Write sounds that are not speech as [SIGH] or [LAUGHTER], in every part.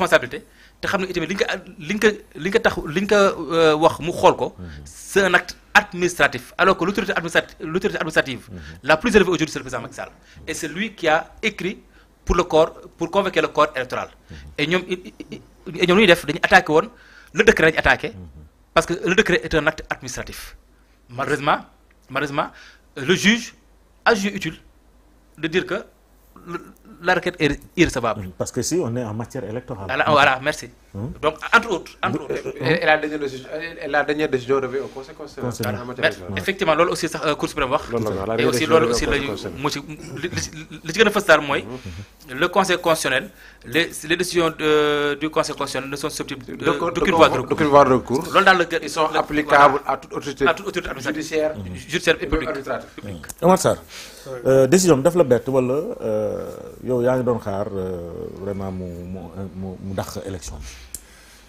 responsabilité c'est un acte administratif alors que l'autorité administrative mhm. la plus élevée aujourd'hui c'est le président Maxal. et c'est lui qui a écrit pour le corps pour le corps électoral mhm. et nous, et ñuy le décret est attaqué mhm. parce que le décret est un acte administratif malheureusement malheureusement le juge a jugé utile de dire que la requête est irrecevable. Parce que si on est en matière électorale. Alors, voilà, merci. Hein? Donc, entre autres. Entre autres euh, et, hein? et, la dernière décision, et la dernière décision revient au Conseil constitutionnel. effectivement, loolu aussi sax euh, cour suprême wax. et aussi loolu aussi la ñu mu li ci gën a fës le Conseil constitutionnel les les décisions du Conseil constitutionnel ne sont susceptibles d'aucune voie de recours. loolu daal la gën ils sont applicables à toute autorité. à toute autorité judiciaire mm-hmm. judiciaire et publique. Mm-hmm. Mm-hmm. Omar euh, décision bi daf la bett wala euh, yow yaa ngi doon xaar vraiment mu mu mu dàq élection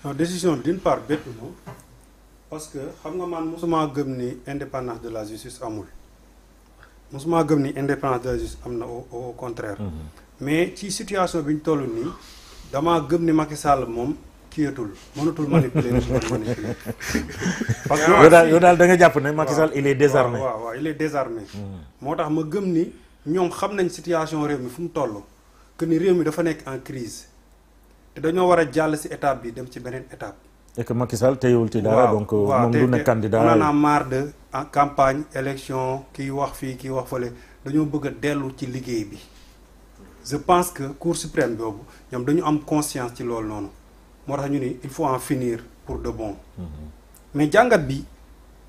la décision d'une part bett non, parce que xam nga man musuma gëm ni indépendance de la justice amul Musuma gëm ni indépendance de la justice amna au au contraire. Mhm. mais ci situation biñ ñu ni, dama gëm ni Macky Sall mom kiyatul mënatul manipuler manipuler. [LAUGHS] parce que yow dal yow daal da nga japp ne Macky Sall il est désarmé. waaw waaw il est désarmé. Mhm. Motax ma gëm ni ñom xam nañ situation réew mi fu mu toll que ni réew mi dafa nekk en crise te dañoo war a jàll si étape bi dem ci beneen étape. et que Macky Sall teewul ci dara. donc moom du nekk candidat on en a marre de campagne élection kii wax fii kii wax fële dañoo bëgg a dellu ci liggéey bi. je pense que Cour suprême boobu ñoom dañu am conscience ci loolu noonu moo tax ñu ni il faut en finir pour de bon. Mm-hmm. mais jàngat bi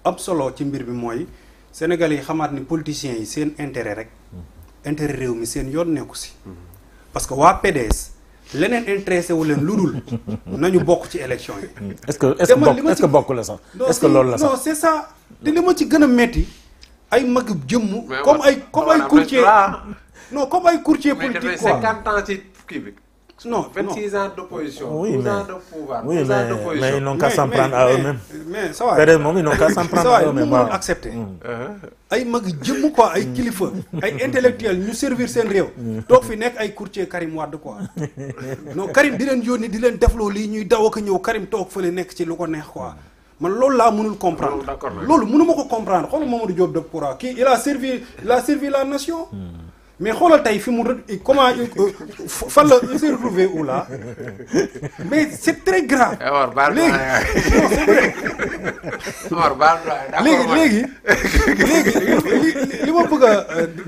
am solo ci mbir bi mooy Sénégalais yi xamaat ni politiciens yi seen intérêt rek. Mm-hmm. intérêt réew mi seen yoon nekku si. Mm-hmm. parce que waa PDS. leneen intéressé wu leen lu dul nañu bokk ci élection yi. est-ce que est-ce que bokk la sax est-ce que loolu la sax non c'est ça te li ma ci gën a métti ay mag jëmm. comme ay comme ay courtier non comme ay courtier politique quoi mais dafay 50 ans ci kii bi. Non, 26 ans d'opposition, oui, mais, ans de pouvoir, oui, ils mais, ans d'opposition. Mais ils n'ont qu'à s'en prendre à eux-mêmes. Mais ça va. ils n'ont qu'à s'en prendre à eux-mêmes. Ils accepter. Mm. ay mag dit quoi ay Ils intellectuel nous servir Ils Donc mm. fi ay courtier Karim Wade [LAUGHS] non Karim di di ñuy Karim ci quoi. man loolu laa mënul comprendre. loolu mënuma comprendre Mamadou Diop kii il a servi il a servi la nation. Mm mais xoolal tay fi comment euh, la là mais c'est très grave. Eh, léegi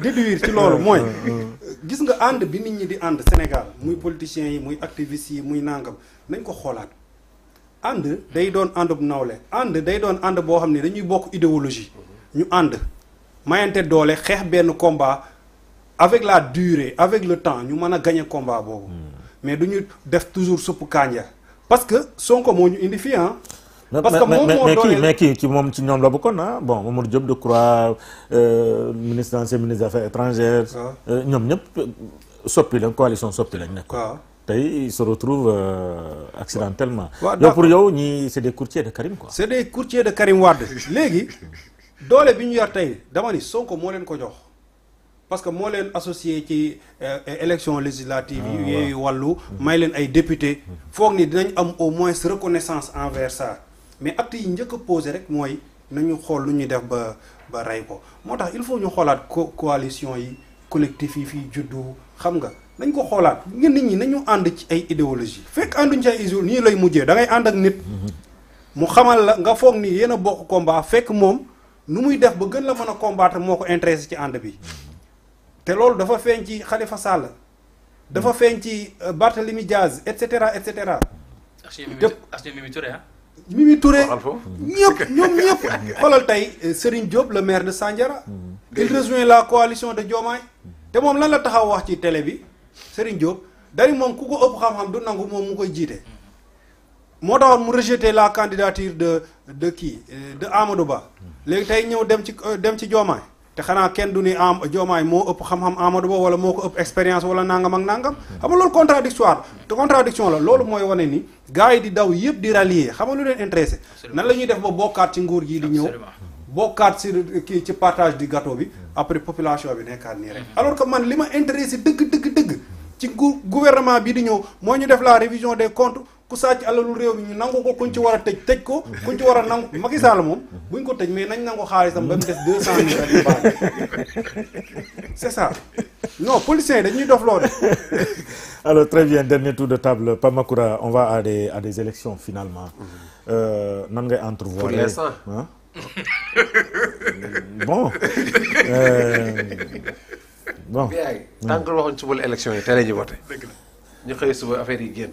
déduire ci lolu moy gis nga and bi nit ñi di and Sénégal muy politicien, yi muy activiste yi muy nangam nañ ko and day doon c'est nawle and day idéologie ñu and doole combat avec la durée avec le temps nous avons gagné le combat boobu. Hmm. mais nous devons def toujours suppu gagner. parce que Sonko moo ñu indi fii ah. parce que mais moo mais qui Qui moom ci ñoom la bokkoon ah bon Mamadou Diop euh, ministre ancien ministre des affaires étrangères. Ah. Euh, ñoom ñëpp ils euh, sont coalition soppi lañ nekk. Ah. ils se retrouvent accidentellement. waaw pour yow c'est des courtiers de Karim quoi. C'est des courtiers de Karim Ward. Les doole bi ñu yor tey dama ni Sonko moo leen ko parce que moo leen qui ci euh, élection législative yi ah, yooyu wàllu mm-hmm. may leen ay député Faut que dinañ am au moins reconnaissance envers ça mais acte yi njëkk a posé rek mooy nañu xool lu ñuy def ba ba rey ko il faut ñu xoolaat coalition yi collectif yi fii juddu xam nga Nous ko xoolaat ngeen nit ñi nañu ànd ci ay idéologie fekk ànduñ ci ay idéologie nii lay mujjee da ngay ànd ak nit mm-hmm. mu xamal nga foog ni yéen a bokk combat fekk moom nu muy def ba gën la mën a combattre moo intéressé ci ande bi mm-hmm te lolou dafa feeñ ci Khalifa Sall dafa mm. feeñ ci euh, Barthélemy Diaz et cetera et cetera. Mimi Touré ah. Mimi Touré ñëpp ñom ñëpp. [LAUGHS] xoolal tay euh, Serigne Diop le maire de Sandiara. Mm. il rejoint la coalition de Diomaye. té mom lan la taxaw wax ci télé bi Serigne Diop dari mom ku ko ëpp xam-xam du nangu mom mu koy jité mm. mo taxoon mu rejeté la candidature de de qui euh, de Amadou Ba léegi tey ñëw dem ci dem ci Diomaye. te xanaa kenn du ni am Diomaye moo ëpp xam-xam Amadou Ba wala moo ko ëpp expérience wala nangam ak nangam xam nga loolu contradictoire te contradiction la loolu mooy wane ni gars yi di daw yëpp di rallier xam nga lu leen intéressé nan la ñuy def ba bokkaat ci nguur gi di ñëw bokkaat si kii ci partage di gâteau bi après population bi nekkaat nii rek alors que man li ma intéressé dëgg dëgg dëgg ci gouvernement bi di ñëw moo ñu def la révision des comptes ku sàcc alalu réew mi ñu nangu ko kuñ ci war a tëj tëj ko kuñ ci war a nangu Macky Sall moom buñ ko tëj mais nañ nangu xaalisam ba mu des deux cent mille rek baax c'est ça non policiers yi dañuy dof loo alors très bien dernier tour de table Pamakura on va à des à des élections finalement euh, nan ngay entrevoir. pour l'instant hein? [LAUGHS] bon. Euh, bon. bii yaay tant que waxoon suba la élection yi teel ñu voté ñu xëy suba affaire yi génn.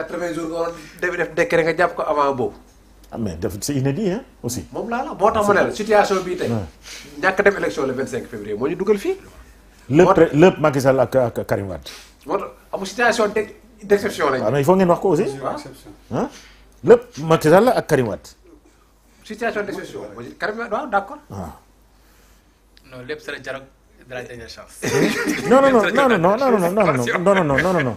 80 jours nga war nga jàpp ko avant boobu. ah mais def c'est inédit hein aussi. moom laa la moo tax mu ne la situation bii tey. ñàkk dem élection le 25 février moo ñu dugal fii. moo tax lépp lépp Macky Sall ak ak moo tax amul situation d' exception lañu. waaw mais wax ko aussi. ah lépp Macky ak Karim de la dernière chance. non non non non non non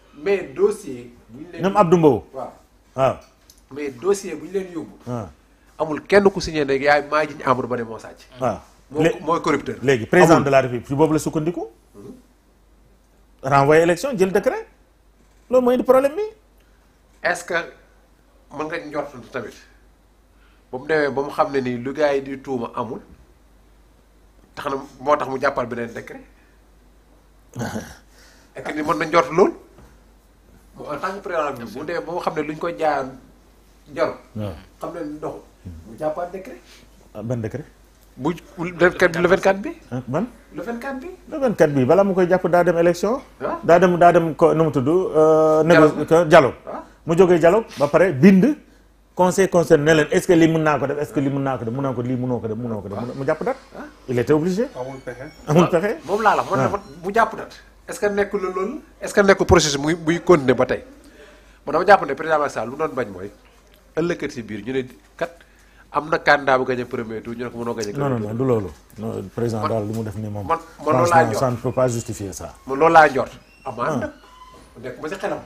mais dossier. bu ab leen Mbow. waaw waaw. mais dossier bu ñu leen yóbbu. Ah. amul kenn ku signé ne yaay maa jiñ Amadou Ba ne moo sàcc. waaw ah. léegi moo mooy corrupteur. léegi président de la république ci boobu la sukkandiku. Mhm. renvoyer élection jël décret loolu mooy indi problème bi. est-ce que mën nga njort tamit ba mu demee ba mu xam ne nii lu gars yi di tuuma amul tax na moo tax mu jàppal beneen décret. [LAUGHS] est-ce que ni mën na njort loolu. en tant que préalable bu dee boo xam ne lu ñu ko jaayoon jarul. waaw xam ne ndox mu jàppaat décret. Ah, ban décret. bu le 24 bi. Ah, ban le 24 bi. le 24 bi balaa mu koy jàpp daa dem élection. Ah. daa dem daa dem ko nu mu tudd. Euh, négo dialogue mu jógee dialogue ba pare bind. conseil concerné ne leen est-ce que lii mën naa ko def est-ce que lii mën naa ko def mën naa ko lii mënoo ko def mënoo ko def mu jàpp dat. il était obligé. amul pexe bu jàpp dat. est-ce que nekku lu loolu est-ce que nekk processus muy muy continuer ba tey man dama jàpp ne président Macky Sall lu doon bañ mooy ëllëkat si biir ñu ne am na candidat bu gagné premier tour ñu ne ko mënoo gagné. mu def nii moom. man man loolu laa njort ça ne peut pas justifier ça. laa njort. amaan ah. nag nekk ma si xelam.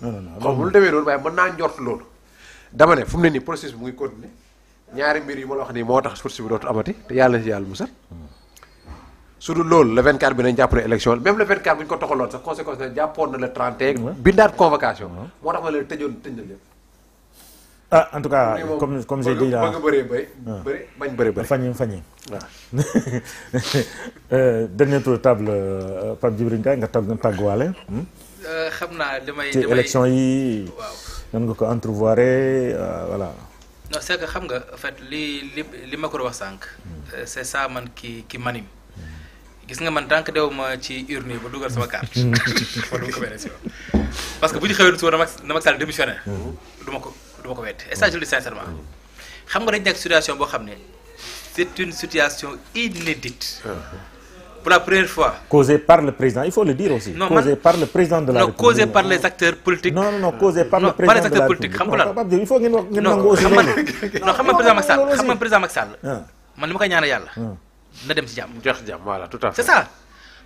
non non non xaw ma lu demee noonu waaye mën naa njort loolu. dama ne fu mu ne nii processus bi mu ngi continuer ñaari mbir yi ma la wax nii moo tax source bi dootu amati te yàlla na si yàlla musal. Hmm. su dul le 24 bi nañ jàppale élection même le 24 buñ ko toxaloon sax conséquence na jàppoon na le 31. bindat convocation. moo tax ma la tëjoon tëj na ah en tout cas comme comme j'ai dit là ma nga bay bëri bañ bëri bëri fañi fañi waaw [LAUGHS] euh, dernier tour table euh, Pape jibrin Ndiaye nga tàgg tàgguwaale hmm? euh xamna limay ci élection yi waaw nan nga ko entrevoiré euh, voilà non c'est que xam nga en fait li li li ma ko wax sank hmm. c'est ça man ki ki m'anime gis nga man tank dew ma ci urne yi ba dugal sama carte ma [LAUGHS] [LAUGHS] duma ko benn parce que bu ñu xëyoon suba na na Macky Sall démissionné mhm. duma ko duma ko wette et ça je le sincèrement xam nga dañ nek situation bo xamné c'est une situation inédite uh-huh. pour la première fois. causé par le président il faut le dire aussi. non causée par le président de la. non causé par les acteurs politiques. non non non causée par le président par les acteurs politiques xam nga lan. il faut ngeen ngeen nangu aussi. non xam nga président Macky Sall xam nga président Macky Sall. Ah. man ni ma koy ñaanal yalla ah. na dem si jàmm. c'est ça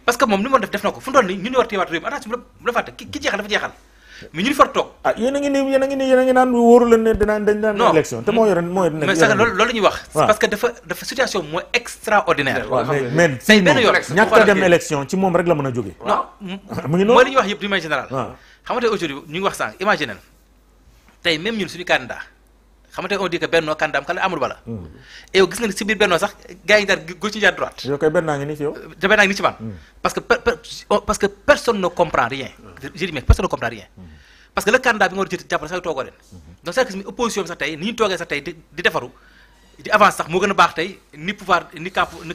parce que moom li mu def def na ko fu mu toll ñun ñu war a teewaat réew mi attention bu la fàtte ah yéen a ngi nii yéen ngi naan wóoru leen wax parce que dafa dafa situation mooy extraordinaire mais tey benn yoon la mën a jóge non ah, ngi wax yëpp di may général waaw xam nga ñu ngi wax on dit que le kandam kala un bala de hmm. et gis nga ci bir benno sax droite. parce que oh, parce que personne ne comprend rien. Hmm. je dis mais personne ne comprend rien. Hmm. parce que le candidat bi nga sax donc c'est opposition sax tay ni togué sax tay di di avance sax ni pouvoir ni ni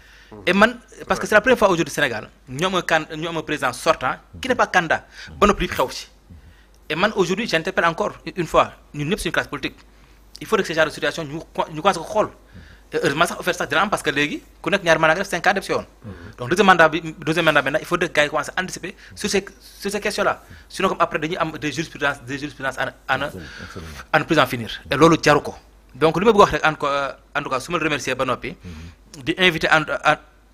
et man parce que c'est la première fois aujourd'hui au Sénégal nous avons un président sortant qui n'est pas candidat ba noppi xew et man aujourd'hui j'interpelle encore une fois ñun sommes une classe politique il faut que ces genre de situation nous ñu qu'on ko heureusement ça offert ça de parce que les ku nekk ñaari mandat nga def donc deuxième mandat deuxième mandat il faut que gars yi à anticiper sur ces sur ces questions là sinon comme après nous am des jurisprudences des à ne à plus en finir et là le ko donc lui me bëgg wax en tout cas su remercier ba noppi mhm di inviter en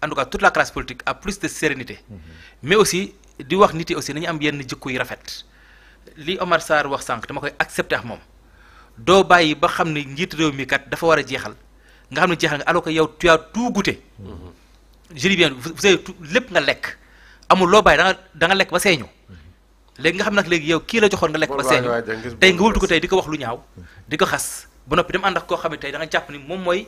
en tout cas toute la classe politique à plus de sérénité. Mhm. mais aussi di wax niti aussi nañu am yenn jikko yu rafet. li Omar Sarr wax sànq dama koy accepté ak moom doo bàyyi ba xamni njit njiit mi kat dafa wara a nga xamni ne nga alors que yow tu as tout goûté. Mhm. je dis bien vous avez lepp nga lek amul lo bay da nga lek ba séñu mhm. léegi nga xam nak léegi yow ki la joxoon nga lek ba séñu tay nga wultu ko tay diko wax lu ñaaw diko xass bu nopi dem ànd ak koo xam da nga japp ni mom moy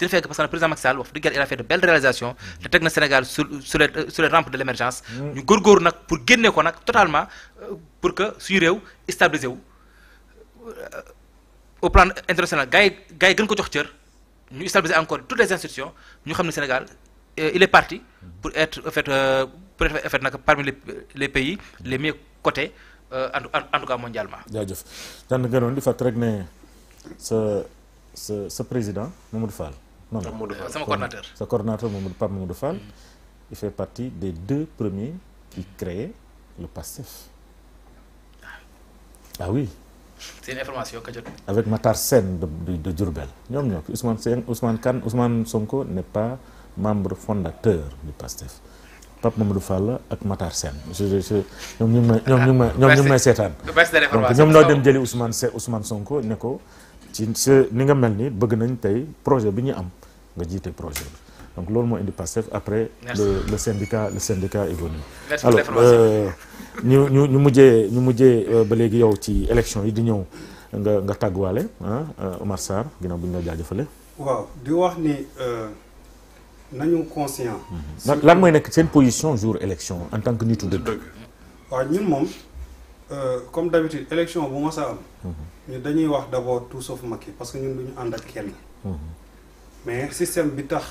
te fekk parce que président Macky Sall wax il a fait de belles réalisations Le teg na Sénégal sur sur les sur les rampes de l'émergence, mm. ñu gor gor nak pour génne ko nak totalement euh, pour que suñu rew stabilisé wu euh, au plan international gars yi gars gën ko jox cër ñu stabiliser encore toutes les institutions ñu xam Sénégal euh, il est parti pour être en fait pour être en fait nak parmi les les pays les mieux cotés en en tout cas mondialement. jaajëf daan gënoon di fàttali rek ne ce ce sa président Mamadou Fall non non mon coordonnateur sa coordonnateur Mamadou Pape Mamadou Fall mm. il fait partie des deux premiers qui créaient le PASTEF ah, ah oui c'est une information que j'ai avec Matar Sen de de, de Diourbel ñoom Ousmane Sen Ousmane Kane Ousmane Sonko n'est pas membre fondateur du PASTEF Pape Mamadou Fall et Matar Sen Ils sont les ñu ans. may ñoom ñu ngi may ñoom ñu ngi donc ñoom ñoo dem jëli Ousmane Ousmane Sonko ne ko ci ni nga melni bëgg nañ tay projet bi ñu am nga jité projet donc loolu mo indi Pastef après le, le syndicat le syndicat est venu alors euh, ñu ñu ñu mujjee ñu mujjee euh, ba légui yow ci élection yi di ñëw nga nga tagwalé hein euh, Omar Sarr ginnaaw bu ñu la jaajëfale waaw di wax ni euh nañu conscient donc mm-hmm. lan mooy nekk sen position jour élection en tant que nitu deug waaw ñun mom euh, comme d'habitude élection bu ma sa am. Mhm. ñu dañuy wax d' abord tout sauf Macky parce que ñun du ñu ànd ak kenn. Mhm. mais système bi tax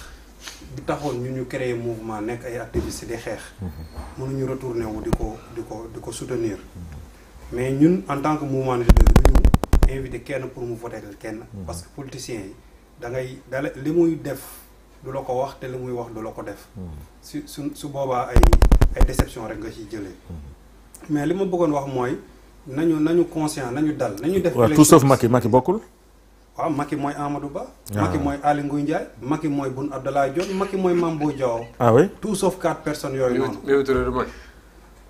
bi taxoon ñu ñu créer mouvement nekk ay activistes di xeex. Mhm. mënuñu retourner wu di ko di ko di ko soutenir. mais ñun en tant que mouvement de ñu invité kenn pour mu voter kenn. parce que politicien yi da ngay dala li muy def du la ko wax te li muy wax du la ko def. su su su boobaa ay ay déception rek nga ciy jëlee mais li ma bëggoon wax mooy nañu nañu conscient nañu dal nañu def. tout sauf Macky Macky bokul waaw Macky mooy Amadou Ba. Ah. Macky mooy Aly Ngouille Ndiaye. Macky mooy Boun Abdallah Dionne Macky mooy Mambo Diaw ah oui tout sauf quatre personnes yooyu noonu. Mimi Touré du Macky.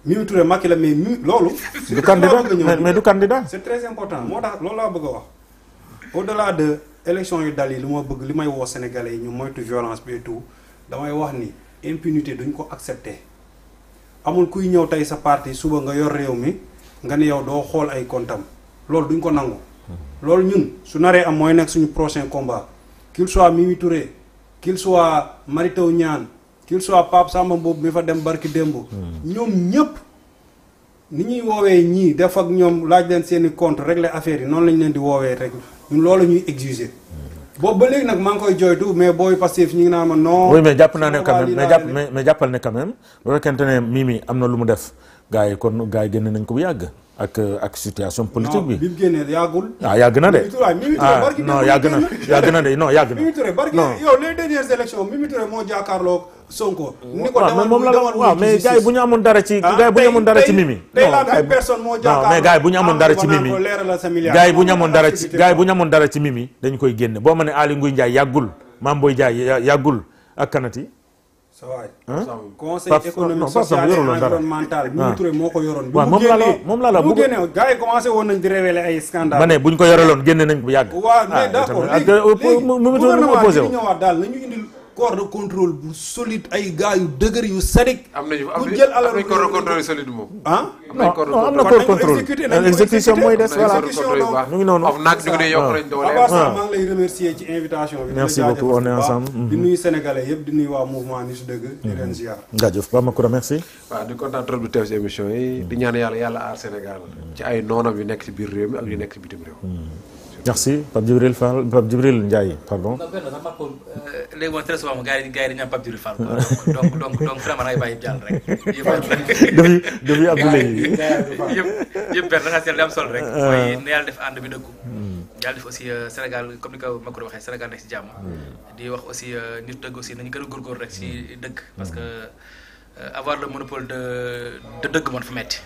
Mimi Touré Macky la mais Mimi loolu. [LAUGHS] du candidat mais du candidat. c'est très important moo tax loolu laa bëgg a wax au-delà de élection yu dal yi lu ma bëgg li may woo Sénégalais yi ñu moytu violence bi et tout damay wax ni impunité duñ ko accepter. amul kuy ñëw tey sa parti suba nga yor réew mi nga ne yow doo xool ay kontam loolu duñ ko nangu. Hmm. loolu ñun su naree am mooy nekk suñu prochain combat qu'il soit mi Mimi Touré qu'il soit Mary Teuw Niane qu'il soit Pape Samba Mboup mi fa dem barki démb. Hmm. ñoom ñëpp ni ñuy woowee ñii def ak ñoom laaj leen seen i compte régler affaire yi noonu lañ leen di woowee rek ñun loolu ñuy exiger. boobu ba léegi nag maa ngi koy jooytu mais booy Pastef ñu ngi naan ma non. oui mais jàpp naa ne quand mais jàpp mais jàppal ne quand même bu fekkente ne Mimi am na lu mu def gars yi kon gars yi génn nañ ko bu yàgg. ak ak situation politique bi. non bi mu génnee yàggul. ah yàgg na de. ah non yàgg na yàgg na de non yàgg na. Mimi Touré barki yow les dernières élections Mimi Touré moo jàkkaarloog Sonko. ni ko la dara ci. ah tey tey tey la même personne moo jàkkaarloog. mais gars bu ñu amoon dara ci Mimi gars yi bu ñu amoon dara ci ah, gars yi bu ñu amoon dara ci Mimi dañu koy génne boo ma ali Aly Ngouille Ndiaye yàggul boy Boye Ndiaye yàggul ak kanati ça va conseil économique la moom laa la bu génnee gars yi commencé woon nañ ñu ko yoroon génne nañ bu yàgg. waaw mais d'accord léegi corps de contrôle bu solide ay gars yu dëgër yu sadik. am nañu bu jël alal bu corps de contrôle solide moom. ah am na ah, corps de contrôle exécution mooy des voilà ñu ngi noonu. of ah. ah. ci invitation bi. merci beaucoup on est ensemble. di nuyu sénégalais yëpp di nuyu waa mouvement Nitu Dëgg. di mm-hmm. leen ziar. jaajëf Ba Makoura merci. waaw di kontaan trop bi yi. di ñaan yàlla yàlla aar Sénégal. ci ay noonam yu nekk ci biir réew mi ak yu nekk ci bitim réew mm-hmm. merci Pape Djibril Fall Pape Djibril Ndiaye pardon. non benn sax Pape léegi moom très yi gars yi dañu naan Pape Djibril Fall. donc donc donc vraiment da ngay bàyyi jàll rek. depuis depuis Abdoulaye. yëpp yëpp benn am solo rek. mooy na yàlla def ànd bi dëggu. Hmm. yàlla def aussi euh, Sénégal comme ni ko Macron waxee Sénégal nekk si jàmm. Hmm. di wax aussi euh, nit dëgg aussi nañu gën a góorgóorlu rek si hmm. dëgg parce que. Euh, avoir le monopole de de dëgg man fu metti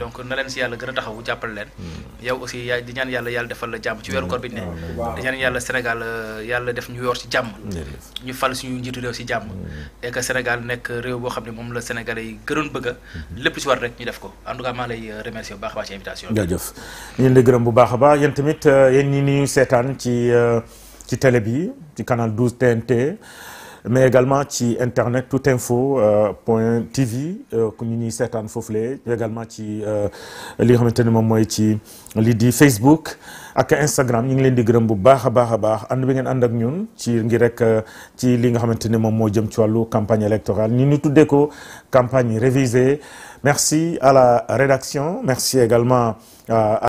donc na leen si yàlla gën a taxawu jàppale leen hmm. yow aussi yaay di ñaan yàlla yàlla defal la jàmm ci weeru koor bi ne di ñaan yàlla Sénégal euh, yàlla def ñu yor si jàmm ñu fal suñu njiitu réew si jàmm hmm. et que Sénégal nekk réew boo xam ne moom la Sénégalais yi gënoon bëgg a hmm. lépp si war rek ñu def ko en tout cas maa lay euh, remercier bu baax a baax ci invitation jaajëf ñu di gërëm bu baax a baax yéen tamit seetaan ci télé bi ci canal 12 mais également sur internet toutinfo.tv, info euh, point tv euh, ñu également ci euh, li Facebook Instagram leen di bu bi campagne électorale Nous avons campagne révisée merci à la rédaction merci également à